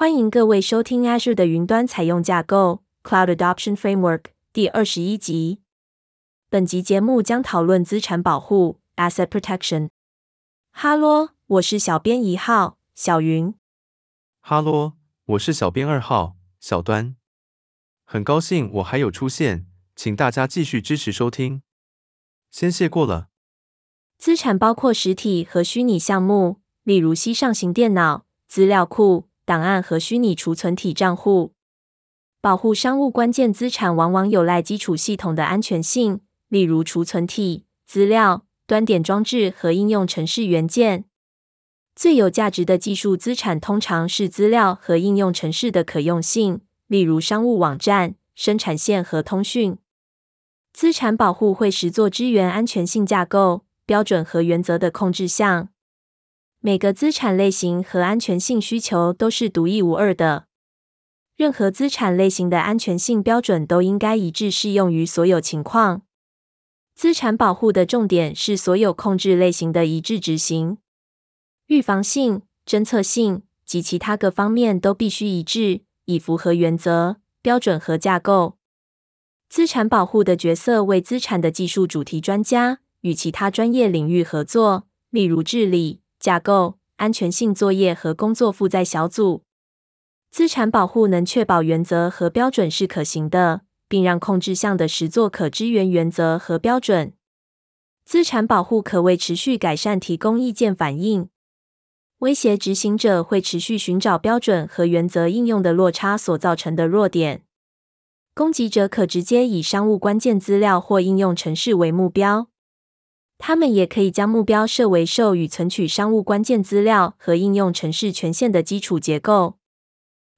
歡迎各位收聽 Azure 的雲端採用架構 （Cloud Adoption Framework） 第二十一集。本集節目將討論資產保護 （Asset Protection）。哈嘍，我是小編一號小雲。哈嘍，我是小編二號小端。很高興我還有出現，請大家繼續支持收聽。先謝過了。資產包括實體和虛擬項目，例如膝上型電腦、資料庫。檔案和虛擬儲存體賬戶保護商務關鍵資產，往往有賴基礎系統的安全性，例如儲存體、資料、端點裝置和應用程式元件。最有價值的技術資產通常是資料和應用程式的可用性，例如商務網站、生產線和通訊。資產保護會實作支援安全性架構標準和原則的控制項。每個資產類型和安全性需求都是獨一無二的。任何資產類型的安全性標準都應該一致適用於所有情況。資產保護的重點是所有控制類型的一致執行，預防性、偵測性及其他各方面都必須一致，以符合原則、標準和架構。資產保護的角色為資產的技術主題專家與其他專業領域合作，例如治理。架構安全性作業和工作負載小組，資產保護能確保原則和標準是可行的，並讓控制項的實作可支援原則和標準。資產保護可為持續改善提供意見反應。威脅執行者會持續尋找標準和原則應用的落差所造成的弱點。攻擊者可直接以商務關鍵資料或應用程式為目標。他們也可以將目標設為授予存取商務關鍵資料和應用程式權限的基礎結構。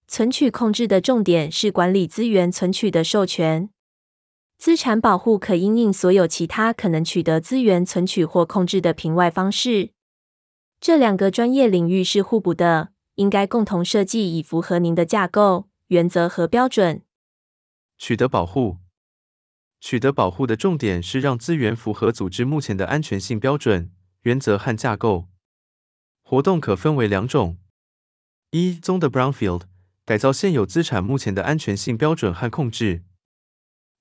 存取控制的重點是管理資源存取的授權。資產保護可因應所有其他可能取得資源存取或控制的平外方式。這兩個專業領域是互補的，應該共同設計以符合您的架構、原則和標準。取得保護。取得保護的重點是讓資源符合組織目前的安全性標準、原則和架構。活動可分為兩種：一、棕地 Brownfield 改造，現有資產目前的安全性標準和控制。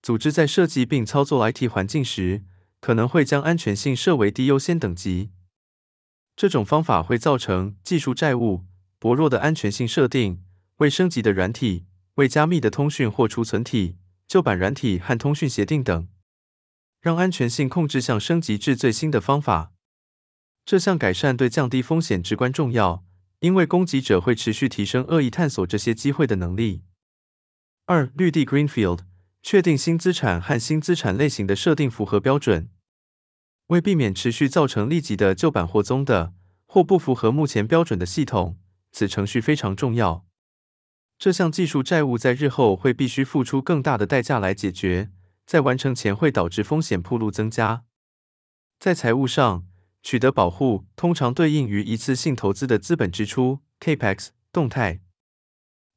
組織在設計並操作 IT 環境時，可能會將安全性設為低優先等級。這種方法會造成技術債務、薄弱的安全性設定、未升級的軟體、未加密的通訊或儲存體。舊版軟體和通訊協定等，讓安全性控制項升級至最新的方法。這項改善對降低風險至關重要，因為攻擊者會持續提升惡意探索這些機會的能力。二、綠地 （Greenfield） 確定新資產和新資產類型的設定符合標準，為避免持續造成立即的舊版或棕的或不符合目前標準的系統，此程序非常重要。這項技術債務在日後會必須付出更大的代價來解決，在完成前會導致風險暴露增加。在財務上，取得保護通常對應於一次性投資的資本支出 k p e x 動態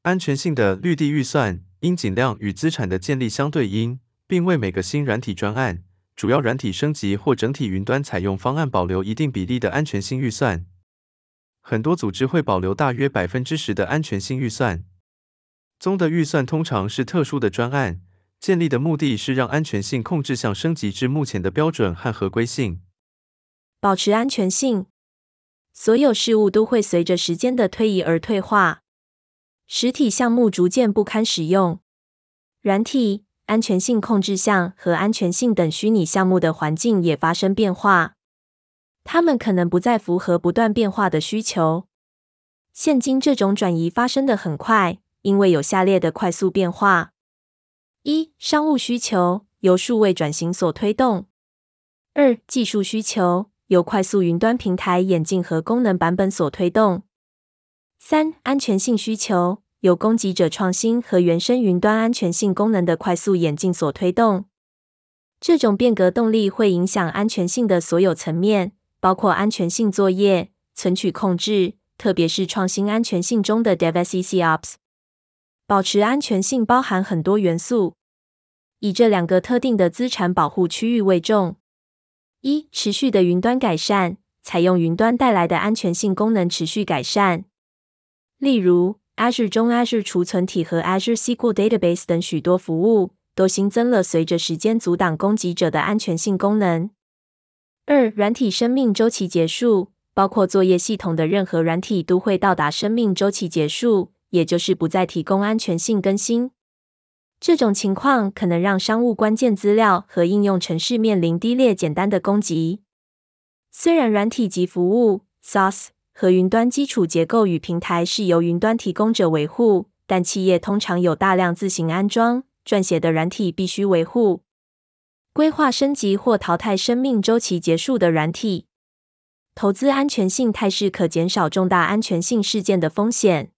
安全性的綠地預算應盡量與資產的建立相對應，並為每個新軟體專案、主要軟體升級或整體雲端採用方案保留一定比例的安全性預算。很多組織會保留大約百分之十的安全性預算。綜的預算通常是特殊的專案，建立的目的是讓安全性控制項升級至目前的標準和合規性，保持安全性。所有事物都會隨着時間的推移而退化，實體項目逐漸不堪使用，軟體、安全性控制項和安全性等虛擬項目的環境也發生變化，它們可能不再符合不斷變化的需求。現今，這種轉移發生得很快。因為有下列的快速變化：一、商務需求由數位轉型所推動；二、技術需求由快速雲端平台演進和功能版本所推動；三、安全性需求由攻擊者創新和原生雲端安全性功能的快速演進所推動。這種變革動力會影響安全性的所有層面，包括安全性作業、存取控制，特別是創新安全性中的 DevSecOps。保持安全性包含很多元素，以這兩個特定的資產保護區域為重：一、持續的雲端改善，採用雲端帶來的安全性功能持續改善，例如 Azure 中 Azure 儲存體和 Azure SQL Database 等許多服務都新增了隨着時間阻擋攻擊者的安全性功能；二、軟體生命週期結束，包括作業系統的任何軟體都會到達生命週期結束。也就是不再提供安全性更新，這種情況可能讓商務關鍵資料和應用程式面臨低劣、簡單的攻擊。雖然軟體及服務 （SaaS） 和雲端基礎結構與平台是由雲端提供者維護，但企業通常有大量自行安裝撰寫的軟體，必須維護、規劃升級或淘汰生命週期結束的軟體。投資安全性態勢可減少重大安全性事件的風險。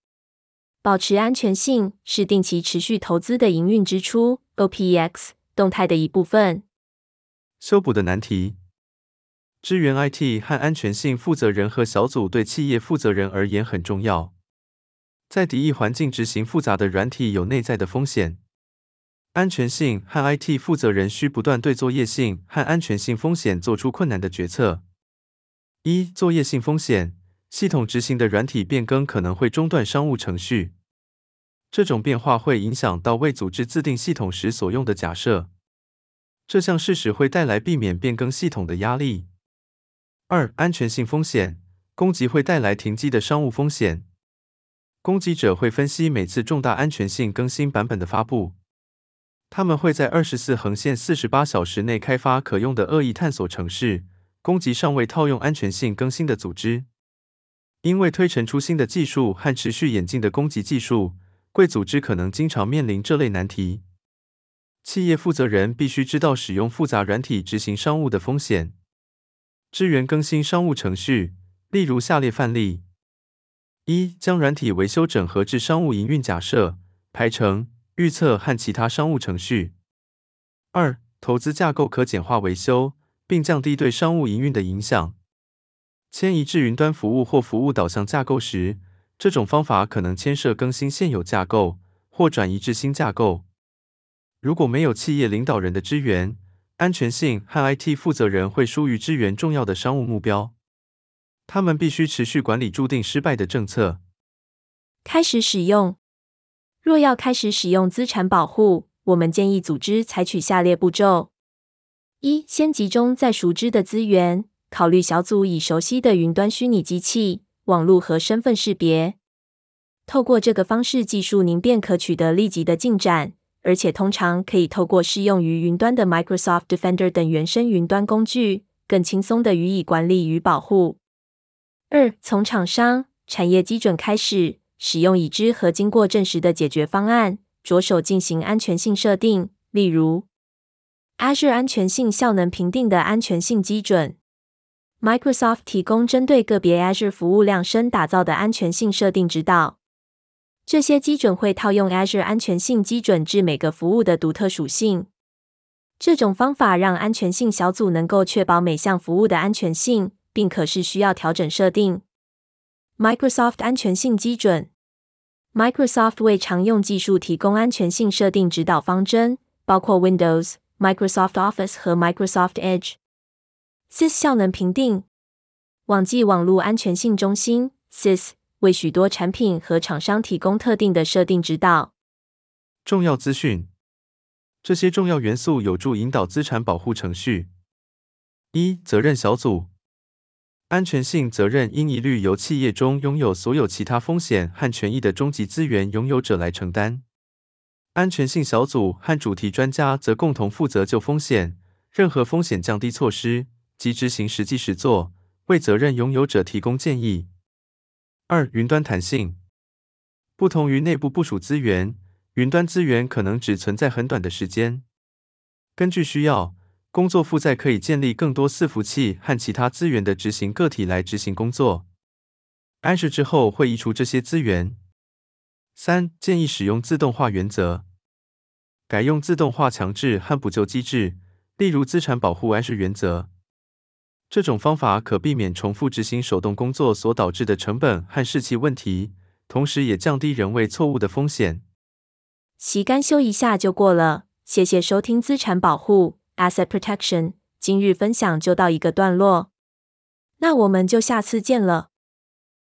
保持安全性是定期持續投資的營運支出 （OPEX） 動態的一部分。修補的難題。支援 IT 和安全性負責人和小組對企業負責人而言很重要。在敵意環境執行複雜的軟體有內在的風險。安全性和 IT 負責人需不斷對作業性和安全性風險做出困難的決策。一、作業性風險：系統執行的軟體變更可能會中斷商務程序。這種變化會影響到為組織自定系統時所用的假設。這項事實會帶來避免變更系統的壓力。二、安全性風險。攻擊會帶來停機的商務風險。攻擊者會分析每次重大安全性更新版本的發布，他們會在二十四橫線四十八小時內開發可用的惡意探索程式，攻擊尚未套用安全性更新的組織。因為推陳出新的技術和持續演進的攻擊技術。貴組織可能經常面臨這類難題。企業負責人必須知道使用複雜軟體執行商務的風險。支援、更新商務程序，例如下列範例：一、將軟體維修整合至商務營運假設、排程、預測和其他商務程序；二、投資架構可簡化維修，並降低對商務營運的影響。遷移至雲端服務或服務導向架構時，這種方法可能牽涉更新現有架構或轉移至新架構。如果沒有企業領導人的支援，安全性和 IT 負責人會疏於支援重要的商務目標。他們必須持續管理注定失敗的政策。開始使用。若要開始使用資產保護，我們建議組織採取下列步驟：一、先集中在熟知的資源，考慮小組已熟悉的雲端虛擬機器。網絡和身份識別。透過這個方式，技術您便可取得立即的進展，而且通常可以透過適用於雲端的 Microsoft Defender 等原生雲端工具，更輕鬆地予以管理與保護。二，從廠商產業基準開始，使用已知和經過證實的解決方案，着手進行安全性設定，例如 Azure 安全性效能評定的安全性基準。Microsoft 提供針對個別 Azure 服務量身打造的安全性設定指導。這些基準會套用 Azure 安全性基準至每個服務的獨特屬性。這種方法讓安全性小組能夠確保每項服務的安全性，並可視需要調整設定。Microsoft 安全性基準。Microsoft 為常用技術提供安全性設定指導方針，包括 Windows、Microsoft Office 和 Microsoft Edge。CIS 效能評定，網際網路安全性中心 CIS 為許多產品和廠商提供特定的設定指導。重要資訊：這些重要元素有助引導資產保護程序。一、責任小組：安全性責任應一律由企業中擁有所有其他風險和權益的終極資源擁有者來承擔。安全性小組和主題專家則共同負責就風險、任何風險降低措施。即執行實際實作，為責任擁有者提供建議。二、雲端彈性。不同於內部部署資源，雲端資源可能只存在很短的時間。根據需要，工作負載可以建立更多伺服器和其他資源的執行個體來執行工作。安設之後會移除這些資源。三、建議使用自動化原則，改用自動化強制和補救機制，例如資產保護安設原則。這種方法可避免重複執行手動工作所導致的成本和士氣問題，同時也降低人為錯誤的風險。旗杆修一下就過了，謝謝收聽資產保護 （Asset Protection）。今日分享就到一個段落，那我們就下次見了。